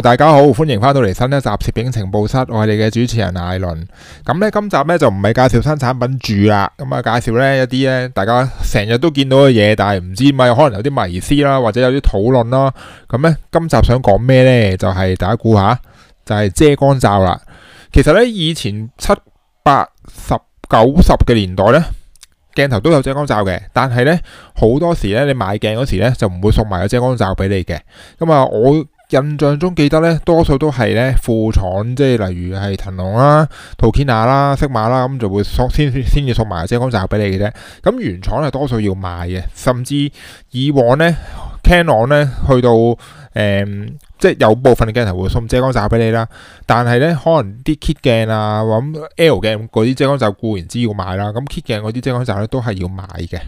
大家好，歡迎翻到嚟新一集攝影情報室，我係你嘅主持人艾倫。咁咧，今集咧就唔係介紹新產品住啦，咁啊，介紹咧一啲咧，大家成日都見到嘅嘢，但係唔知咪可能有啲迷思啦，或者有啲討論啦。咁咧，今集想講咩咧？就係大家估下，就係遮光罩啦。其實咧，以前七八十九十嘅年代咧，鏡頭都有遮光罩嘅，但係咧好多時咧，你買鏡嗰時咧就唔會送埋個遮光罩俾你嘅。咁啊，我。印象中記得咧，多數都係咧副廠，即係例如係騰龍啦、Tokina 啦、色馬啦，咁就會送先先先至送埋遮光罩俾你嘅啫。咁原廠係多數要買嘅，甚至以往咧 Canon 咧去到誒、呃，即係有部分鏡頭會送遮光罩俾你啦。但係咧，可能啲 Kit 鏡啊、或 L 鏡嗰啲遮光罩固然之要買啦。咁 Kit 鏡嗰啲遮光罩咧都係要買嘅。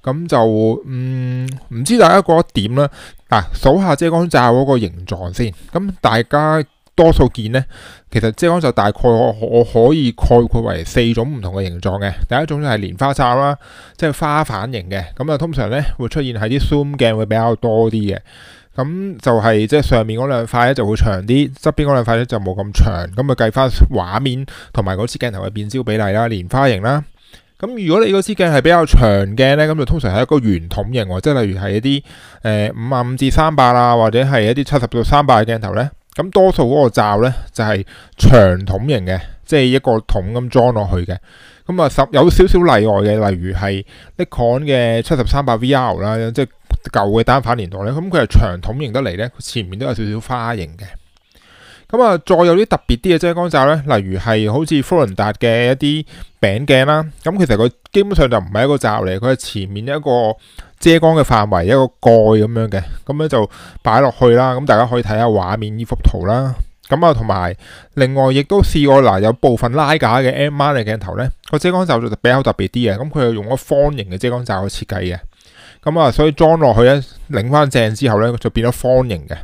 咁就嗯，唔知大家覺得點咧？嗱，數、啊、下遮光罩嗰個形狀先。咁大家多數見咧，其實遮光罩大概我我可以概括為四種唔同嘅形狀嘅。第一種就係蓮花罩啦，即係花瓣形嘅。咁啊，通常咧會出現喺啲 zoom 鏡會比較多啲嘅。咁就係、是、即係上面嗰兩塊咧就會長啲，側邊嗰兩塊咧就冇咁長。咁啊，計翻畫面同埋嗰支鏡頭嘅變焦比例啦，蓮花形啦。咁如果你個支鏡係比較長鏡咧，咁就通常係一個圓筒形，即係例如係一啲誒五十五至三百啦，呃、300，或者係一啲七十到三百嘅鏡頭咧。咁多數嗰個罩咧就係長筒形嘅，即、就、係、是、一個桶咁裝落去嘅。咁啊就有少少例外嘅，例如係 Nikon 嘅七十三百 VR 啦，即係舊嘅單反年代咧。咁佢係長筒形得嚟咧，前面都有少少花形嘅。咁啊，再有啲特別啲嘅遮光罩咧，例如係好似福倫達嘅一啲餅鏡啦，咁其實佢基本上就唔係一個罩嚟，佢係前面一個遮光嘅範圍，一個蓋咁樣嘅，咁咧就擺落去啦。咁大家可以睇下畫面呢幅圖啦。咁啊，同埋另外亦都試過嗱，有部分拉架嘅 M 馬嘅鏡頭咧，個遮光罩就比較特別啲嘅。咁佢係用咗方形嘅遮光罩去設計嘅。咁啊，所以裝落去咧，擰翻正之後咧，就變咗方形嘅。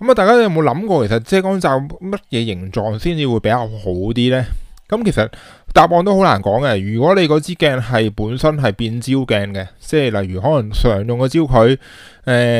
咁啊，大家有冇諗過，其實遮光罩乜嘢形狀先至會比較好啲呢？咁其實答案都好難講嘅。如果你嗰支鏡係本身係變焦鏡嘅，即係例如可能常用嘅焦距，誒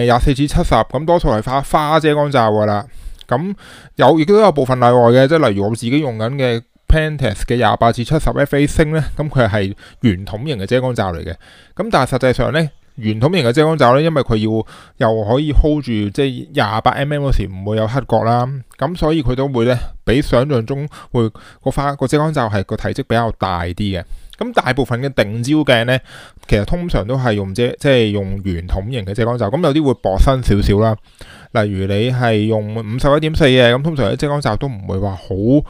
廿四至七十，咁多數係花花遮光罩噶啦。咁有亦都有部分例外嘅，即係例如我自己用緊嘅 Pentax 嘅廿八至七十 FA 星，呢咁佢係圓筒型嘅遮光罩嚟嘅。咁但係實際上呢。圓筒型嘅遮光罩咧，因為佢要又可以 hold 住即係廿八 mm 嗰時唔會有黑角啦，咁所以佢都會咧比想像中會個花個遮光罩係個體積比較大啲嘅。咁大部分嘅定焦鏡咧，其實通常都係用遮即係用圓筒型嘅遮光罩，咁有啲會薄身少少啦。例如你係用五十一點四嘅，咁通常啲遮光罩都唔會話好誒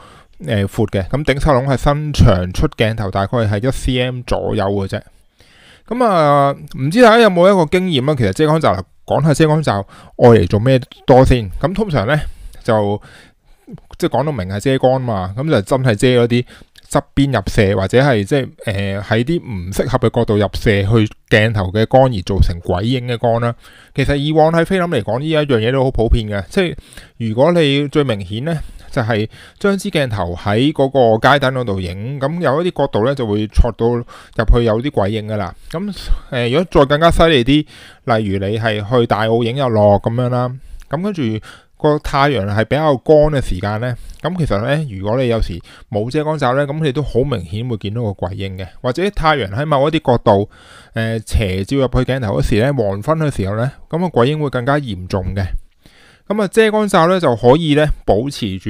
闊嘅。咁頂晒櫳係伸長出鏡頭大概係一 cm 左右嘅啫。咁啊，唔、嗯、知大家有冇一個經驗啊？其實遮光罩，講下遮光罩愛嚟做咩多先。咁、嗯、通常咧就即係講到明係遮光嘛，咁、嗯、就真係遮咗啲側邊入射或者係即係誒喺啲唔適合嘅角度入射去鏡頭嘅光而造成鬼影嘅光啦、啊。其實以往喺菲林嚟講呢一樣嘢都好普遍嘅，即係如果你最明顯咧。就係將支鏡頭喺嗰個街燈嗰度影，咁有一啲角度咧就會撮到入去有啲鬼影噶啦。咁誒、呃，如果再更加犀利啲，例如你係去大澳影日落咁樣啦，咁跟住個太陽係比較光嘅時間咧，咁其實咧，如果你有時冇遮光罩咧，咁你都好明顯會見到個鬼影嘅。或者太陽喺某一啲角度誒、呃、斜照入去鏡頭嗰時咧，黃昏嘅時候咧，咁、那個鬼影會更加嚴重嘅。咁啊遮光罩咧就可以咧保持住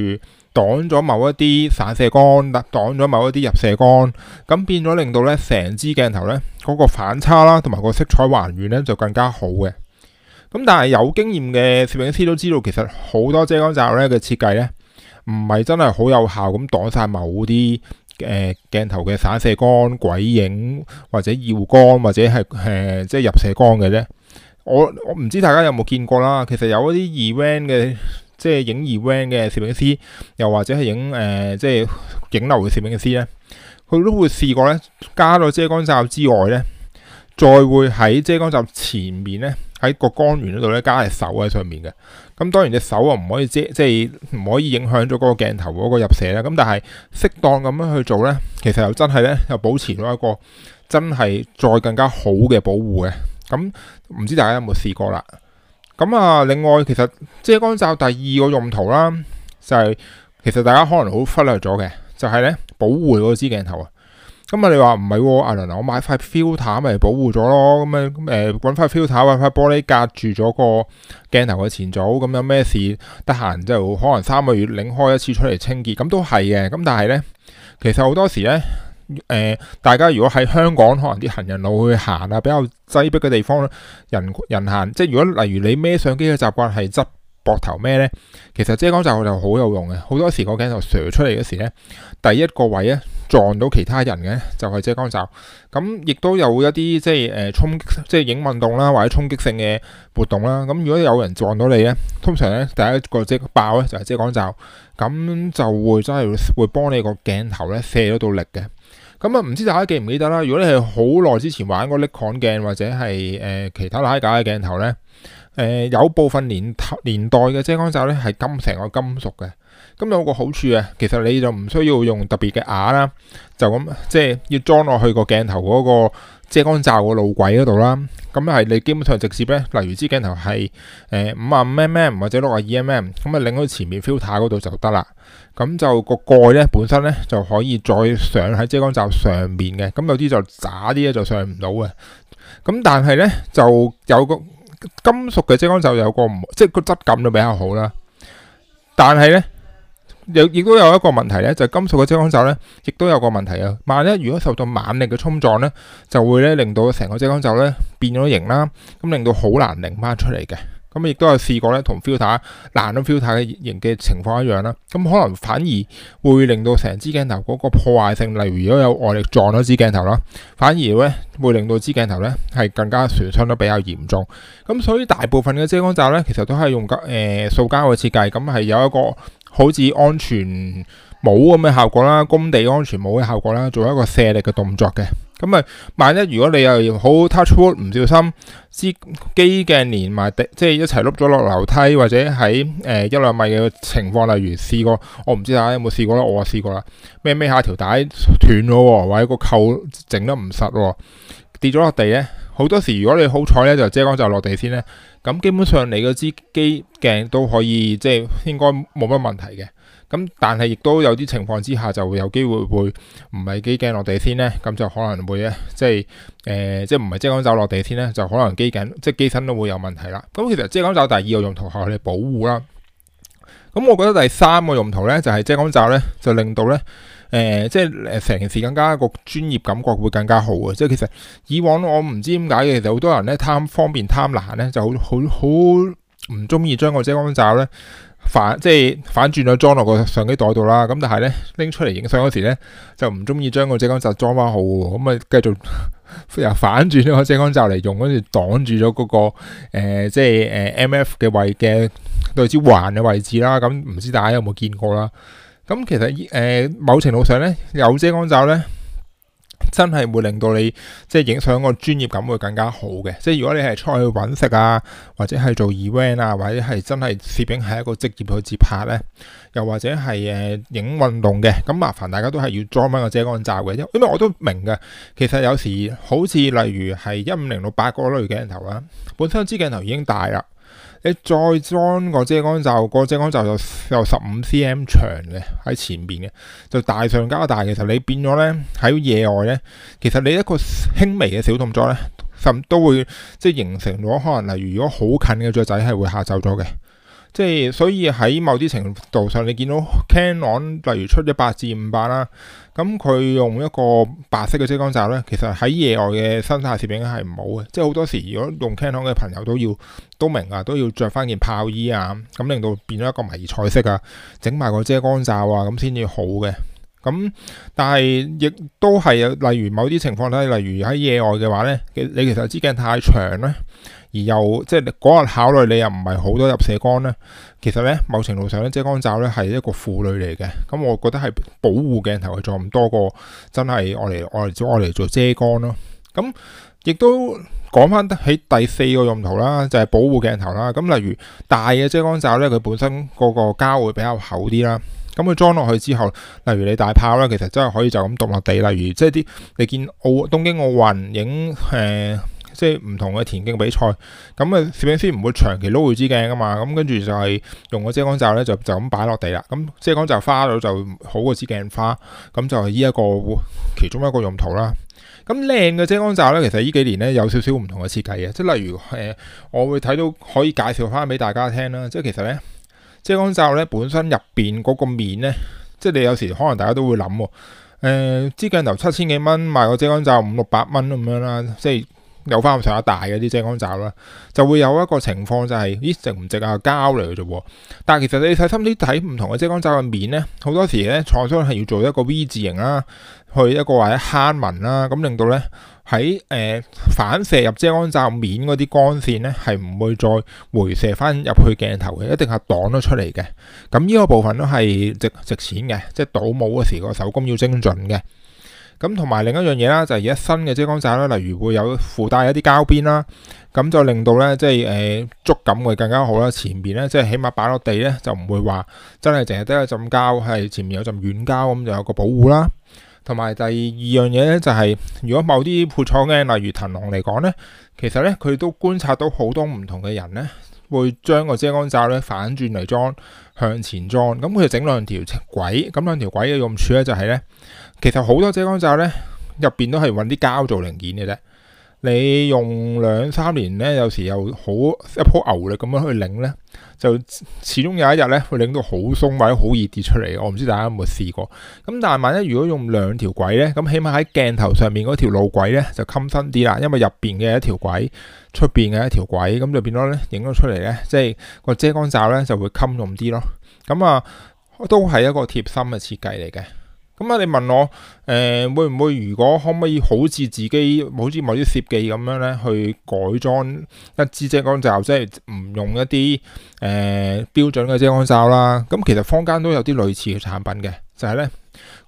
擋咗某一啲散射光，擋咗某一啲入射光，咁變咗令到咧成支鏡頭咧嗰個反差啦，同埋個色彩還原咧就更加好嘅。咁但係有經驗嘅攝影師都知道，其實好多遮光罩咧嘅設計咧唔係真係好有效咁擋晒某啲誒鏡頭嘅散射光、鬼影或者耀光，或者係誒、呃、即係入射光嘅啫。我我唔知大家有冇見過啦，其實有一啲 event 嘅即係影 event 嘅攝影師，又或者係影誒、呃、即係影樓嘅攝影師咧，佢都會試過咧加咗遮光罩之外咧，再會喺遮光罩前面咧喺個光源嗰度咧加隻手喺上面嘅。咁當然隻手又唔可以遮，即係唔可以影響咗嗰個鏡頭嗰個入射啦。咁但係適當咁樣去做咧，其實又真係咧又保持咗一個真係再更加好嘅保護嘅。咁唔知大家有冇試過啦？咁啊，另外其實遮光罩第二個用途啦，就係、是、其實大家可能好忽略咗嘅，就係、是、咧保護嗰支鏡頭、哦、啊。咁啊，你話唔係阿倫我買塊 filter 咪保護咗咯。咁啊，誒、呃、搵塊 filter 搵塊玻璃隔住咗個鏡頭嘅前組。咁有咩事得閒就可能三個月擰開一次出嚟清潔，咁都係嘅。咁但係咧，其實好多時咧。誒、呃，大家如果喺香港可能啲行人路去行啊，比較擠迫嘅地方咧，人人行，即係如果例如你孭相機嘅習慣係側膊頭孭咧，其實遮光罩就好有用嘅。好多時個鏡頭射出嚟嗰時咧，第一個位咧撞到其他人嘅就係遮光罩。咁、嗯、亦都有一啲即係誒衝，即係、呃、影運動啦，或者衝擊性嘅活動啦。咁、嗯、如果有人撞到你咧，通常咧第一個即爆咧就係遮光罩，咁就會真係會幫你個鏡頭咧卸到到力嘅。咁啊，唔、嗯、知大家記唔記得啦？如果你係好耐之前玩過 Nikon 鏡，或者係誒、呃、其他拉架嘅鏡頭咧，誒、呃、有部分年頭年代嘅遮光罩咧係金成個金屬嘅。咁有個好處啊，其實你就唔需要用特別嘅瓦啦，就咁即係要裝落去個鏡頭嗰個遮光罩個路軌嗰度啦。咁係你基本上直接咧，例如支鏡頭係誒五啊五 mm 或者六啊二 mm，咁啊擰去前面 filter 嗰度就得啦。咁就個蓋咧本身咧就可以再上喺遮光罩上面嘅。咁有啲就渣啲咧就上唔到啊。咁但係咧就有個金屬嘅遮光罩，有個唔即係個質感就比較好啦。但係咧。亦都有一個問題咧，就係、金屬嘅遮光罩咧，亦都有個問題啊。萬一如果受到猛力嘅衝撞咧，就會咧令到成個遮光罩咧變咗形啦，咁令到好難擰翻出嚟嘅。咁亦都有試過咧，同 filter 爛咗 filter 嘅形嘅情況一樣啦。咁可能反而會令到成支鏡頭嗰個破壞性，例如如果有外力撞咗支鏡頭啦，反而咧會令到支鏡頭咧係更加損傷得比較嚴重。咁所以大部分嘅遮光罩咧，其實都係用膠誒塑膠嘅設計，咁、呃、係有一個。好似安全帽咁嘅效果啦，工地安全帽嘅效果啦，做一個卸力嘅動作嘅。咁啊，萬一如果你又要好 touch wood 唔小心，支機鏡連埋地，即係一齊碌咗落樓梯，或者喺誒一兩米嘅情況，例如試過，我唔知大家有冇試過啦？我試過啦，咩咩下條帶斷咗喎，或者個扣整得唔實喎，跌咗落地咧。好多時如果你好彩咧，就遮光罩落地先咧。咁基本上你嗰支機鏡都可以，即係應該冇乜問題嘅。咁但係亦都有啲情況之下，就會有機會會唔係機鏡落地先咧。咁就可能會咧，即係誒，即係唔係遮光罩落地先咧，就可能機鏡，即係機身都會有問題啦。咁其實遮光罩第二個用途係我哋保護啦。咁我覺得第三個用途咧就係遮光罩咧，就令到咧。誒、呃、即係誒成件事更加一個專業感覺會更加好啊！即係其實以往我唔知點解嘅，其實好多人咧貪方便貪難貪懶咧就好好好唔中意將個遮光罩咧反即係反轉咗裝落個相機袋度啦。咁但係咧拎出嚟影相嗰時咧就唔中意將個遮光罩裝翻好喎。咁、嗯、啊繼續又反轉咗遮光罩嚟用，跟住擋住咗嗰、那個、呃、即係誒、呃、M F 嘅位嘅對焦環嘅位置啦。咁、嗯、唔知大家有冇見過啦？咁、嗯、其實誒、呃、某程度上咧，有遮光罩咧，真係會令到你即係影相個專業感會更加好嘅。即係如果你係出去揾食啊，或者係做 event 啊，或者係真係攝影係一個職業去接拍咧，又或者係誒影運動嘅，咁麻煩大家都係要裝返個遮光罩嘅，因為我都明嘅。其實有時好似例如係一五零六八嗰類嘅鏡頭啦、啊，本身支鏡頭已經大啦。你再裝個遮光罩，個遮光罩就就十五 cm 長嘅喺前面嘅，就大上加大。其實你變咗咧喺野外咧，其實你一個輕微嘅小動作咧，甚都會即係形成咗可能，例如如果好近嘅雀仔係會嚇走咗嘅。即係所以喺某啲程度上，你見到 Canon 例如出一百至五百啦，咁、嗯、佢用一個白色嘅遮光罩咧，其實喺野外嘅生態攝影係唔好嘅。即係好多時，如果用 Canon 嘅朋友都要都明啊，都要着翻件炮衣啊，咁、嗯、令到變咗一個迷彩色啊，整埋個遮光罩啊，咁先至好嘅。咁但係亦都係有例如某啲情況咧，例如喺野外嘅話咧，你其實支鏡太長咧。啊而又即係嗰日考慮，你又唔係好多入射光咧，其實咧，某程度上咧，遮光罩咧係一個負累嚟嘅，咁、嗯、我覺得係保護鏡頭嘅作用多過真係用嚟用嚟做用嚟做遮光咯。咁、嗯、亦都講返喺第四個用途啦，就係、是、保護鏡頭啦。咁、嗯、例如大嘅遮光罩咧，佢本身個個膠會比較厚啲啦。咁佢裝落去之後，例如你大炮咧，其實真係可以就咁篤落地。例如即係啲你見奧東京奧運影誒。呃即係唔同嘅田徑比賽，咁、嗯、啊攝影師唔會長期攞住支鏡噶嘛，咁跟住就係用個遮光罩咧，就就咁擺落地啦。咁、嗯、遮光罩花咗就好過支鏡花，咁、嗯、就係呢一個其中一個用途啦。咁靚嘅遮光罩咧，其實呢幾年咧有少少唔同嘅設計嘅，即係例如誒、呃，我會睇到可以介紹翻俾大家聽啦。即係其實咧，遮光罩咧本身入邊嗰個面咧，即係你有時可能大家都會諗，誒、呃、支鏡頭七千幾蚊，買個遮光罩五六百蚊咁樣啦，即係。有翻咁上下大嘅啲遮光罩啦，就會有一個情況就係、是，咦，值唔值啊膠嚟嘅啫喎？但係其實你細心啲睇唔同嘅遮光罩嘅面咧，好多時咧廠商係要做一個 V 字形啦，去一個或者坑紋啦，咁令到咧喺誒反射入遮光罩面嗰啲光線咧係唔會再回射翻入去鏡頭嘅，一定係擋咗出嚟嘅。咁呢個部分都係值值錢嘅，即係倒模嗰時個手工要精準嘅。咁同埋另一樣嘢啦，就係而家新嘅遮光罩啦，例如會有附帶一啲膠邊啦，咁就令到咧即係誒、呃、觸感會更加好啦。前面咧即係起碼擺落地咧就唔會話真係淨係得個浸膠，係前面有浸軟膠咁就有個保護啦。同埋第二樣嘢咧就係、是，如果某啲配廠咧，例如騰龍嚟講咧，其實咧佢都觀察到好多唔同嘅人咧。會將個遮光罩咧反轉嚟裝，向前裝，咁佢就整兩條軌，咁兩條軌嘅用處咧就係、是、咧，其實好多遮光罩咧入邊都係搵啲膠做零件嘅啫。你用兩三年咧，有時又好一鋪牛力咁樣去領咧，就始終有一日咧會領到好鬆或者好易跌出嚟。我唔知大家有冇試過？咁但係萬一如果用兩條軌咧，咁起碼喺鏡頭上面嗰條路軌咧就襟身啲啦，因為入邊嘅一條軌，出邊嘅一條軌，咁就變咗咧影咗出嚟咧，即係個遮光罩咧就會襟用啲咯。咁啊，都係一個貼心嘅設計嚟嘅。咁啊、嗯！你問我誒、呃、會唔會如果可唔可以好似自，自己好似某啲設計咁樣咧，去改裝一支遮光罩，即係唔用一啲誒、呃、標準嘅遮光罩啦。咁、嗯、其實坊間都有啲類似嘅產品嘅，就係咧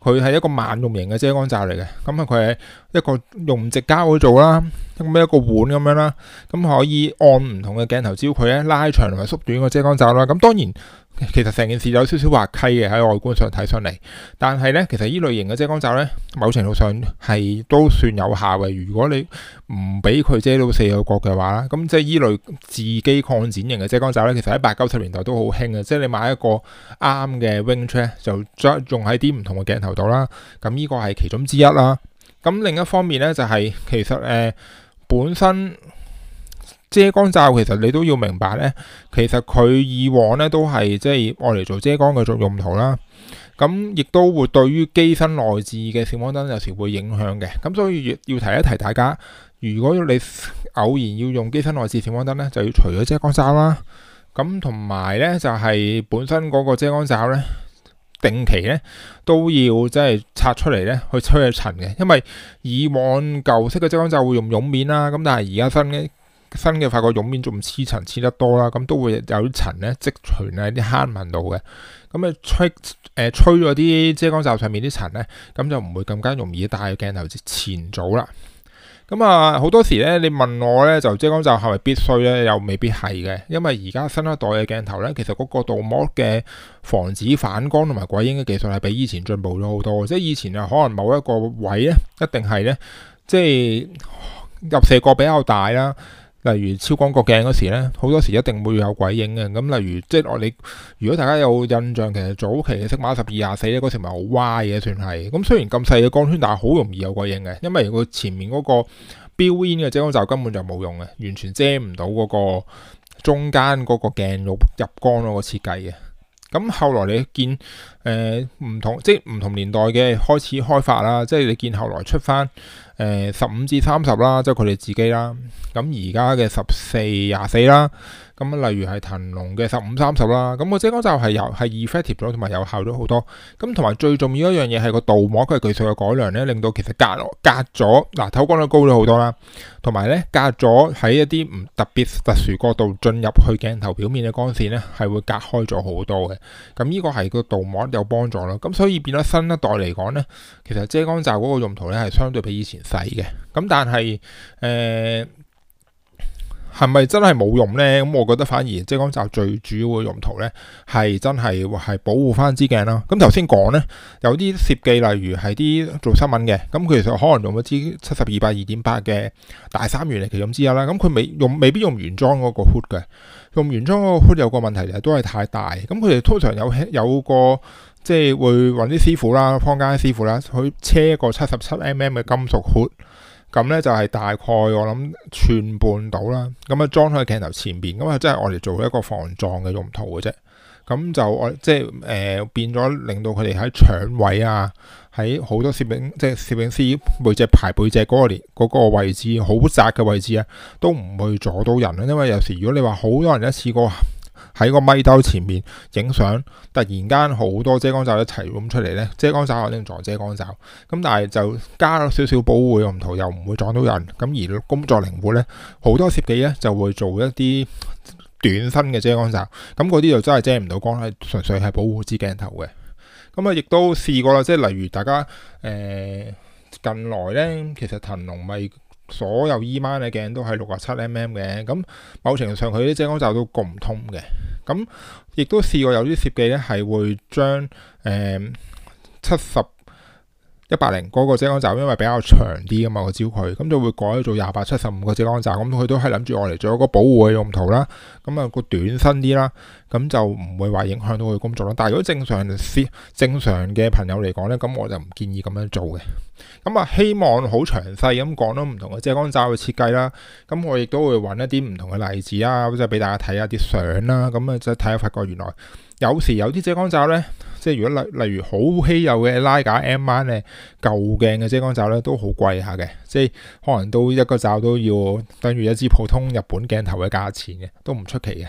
佢係一個萬用型嘅遮光罩嚟嘅。咁、嗯、啊，佢係一個用唔直膠去做啦，咁一個碗咁樣啦，咁、嗯、可以按唔同嘅鏡頭焦距咧拉長同埋縮短個遮光罩啦。咁、嗯、當然。其實成件事有少少滑稽嘅，喺外觀上睇上嚟，但係咧，其實依類型嘅遮光罩咧，某程度上係都算有效嘅。如果你唔俾佢遮到四個角嘅話，咁即係依類自己擴展型嘅遮光罩咧，其實喺八九十年代都好興嘅。即係你買一個啱嘅 wing tray 就將用喺啲唔同嘅鏡頭度啦。咁呢個係其中之一啦。咁另一方面咧就係、是、其實誒、呃、本身。遮光罩其實你都要明白咧，其實佢以往咧都係即係愛嚟做遮光嘅作用途啦。咁、嗯、亦都會對於機身內置嘅閃光燈有時會影響嘅。咁、嗯、所以要提一提大家，如果你偶然要用機身內置閃光燈咧，就要除咗遮光罩啦。咁同埋咧就係、是、本身嗰個遮光罩咧，定期咧都要即係拆出嚟咧去吹下塵嘅，因為以往舊式嘅遮光罩會用絨面啦，咁但係而家新嘅。新嘅發覺，用面仲黐塵黐得多啦，咁都會有啲塵咧積存喺啲坑紋度嘅。咁啊、呃，吹誒吹咗啲遮光罩上面啲塵咧，咁就唔會更加容易帶鏡頭前早啦。咁啊，好多時咧，你問我咧，就遮光罩係咪必須咧？又未必係嘅，因為而家新一代嘅鏡頭咧，其實嗰個鍍膜嘅防止反光同埋鬼影嘅技術係比以前進步咗好多。即係以前又可能某一個位咧，一定係咧，即係入射角比較大啦。例如超廣角鏡嗰時咧，好多時一定會有鬼影嘅。咁例如即係我哋，如果大家有印象，其實早期嘅色碼十二廿四咧，嗰時唔係好歪嘅，算係。咁雖然咁細嘅光圈，但係好容易有鬼影嘅，因為佢前面嗰個 built-in 嘅遮光罩根本就冇用嘅，完全遮唔到嗰個中間嗰個鏡入入光嗰個設計嘅。咁後來你見誒唔同，即係唔同年代嘅開始開發啦，即係你見後來出翻誒十五至三十啦，即係佢哋自己啦。咁而家嘅十四、廿四啦。咁例如係騰龍嘅十五三十啦，咁個遮光罩係有係 effective 咗同埋有效咗好多，咁同埋最重要一樣嘢係個鍍膜，佢係技術嘅改良咧，令到其實隔隔咗嗱、啊、透光率高咗好多啦，同埋咧隔咗喺一啲唔特別特殊角度進入去鏡頭表面嘅光線咧，係會隔開咗好多嘅，咁呢個係個鍍膜有幫助咯，咁所以變咗新一代嚟講咧，其實遮光罩嗰個用途咧係相對比以前細嘅，咁但係誒，呃係咪真係冇用呢？咁我覺得反而即係講就最主要嘅用途呢，係真係係保護翻支鏡啦。咁頭先講呢，有啲攝記例如係啲做新聞嘅，咁佢其實可能用咗支七十二百二點八嘅大三元嚟其中之一啦。咁佢未用未必用原裝嗰個 hood 嘅，用原裝嗰個 hood 有個問題就係都係太大。咁佢哋通常有有個即係會揾啲師傅啦，坊間師傅啦，去車一個七十七 mm 嘅金屬 hood 咁咧就係大概我諗寸半到啦，咁啊裝喺鏡頭前邊，咁啊即係我哋做一個防撞嘅用途嘅啫。咁就我即係誒變咗，令到佢哋喺搶位啊，喺好多攝影即係攝影師背脊排背脊嗰、嗰個嗰個位置好窄嘅位置啊，都唔會阻到人啊，因為有時如果你話好多人一次過喺個咪兜前面影相，突然間好多遮光罩一齊咁出嚟。呢遮光罩肯定撞遮光罩，咁但係就加少少保護用途，又唔會撞到人。咁而工作靈活呢，好多攝記呢就會做一啲短身嘅遮光罩，咁嗰啲就真係遮唔到光啦，純粹係保護支鏡頭嘅。咁、嗯、啊，亦都試過啦，即係例如大家誒、呃、近來呢，其實騰龍咪。所有伊曼嘅鏡都係六十七 mm 嘅，咁某程度上佢啲遮光罩都夾唔通嘅，咁亦都試過有啲設計咧係會將誒七十，呃一百零嗰個遮光罩，因為比較長啲啊嘛，我招佢，咁就會改做廿八七十五個遮光罩，咁佢都係諗住我嚟做一個保護嘅用途啦。咁啊，個短身啲啦，咁就唔會話影響到佢工作啦。但係如果正常司正常嘅朋友嚟講咧，咁我就唔建議咁樣做嘅。咁啊，希望好詳細咁講到唔同嘅遮光罩嘅設計啦。咁我亦都會揾一啲唔同嘅例子啊，即係俾大家睇下啲相啦。咁啊，即係睇下發覺原來。有時有啲遮光罩咧，即係如果例例如好稀有嘅拉架 M1 咧舊鏡嘅遮光罩咧都好貴下嘅，即係可能都一個罩都要等於一支普通日本鏡頭嘅價錢嘅，都唔出奇嘅。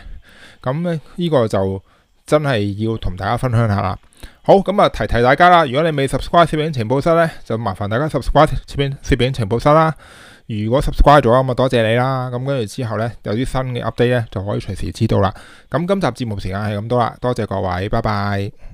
咁咧呢個就真係要同大家分享下啦。好，咁啊，就提提大家啦。如果你未 subscribe 攝影情報室咧，就麻煩大家 subscribe 攝影攝影情報室啦。如果 subscribe 咗啊，咁啊多謝你啦。咁跟住之後呢，有啲新嘅 update 呢，就可以隨時知道啦。咁今集節目時間係咁多啦，多謝各位，拜拜。